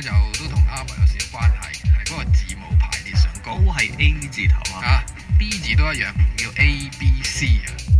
就都同阿伯有少少關係，係嗰個字母排列上高都係 A 字頭啊，吓，B 字都一樣叫 A B C 啊。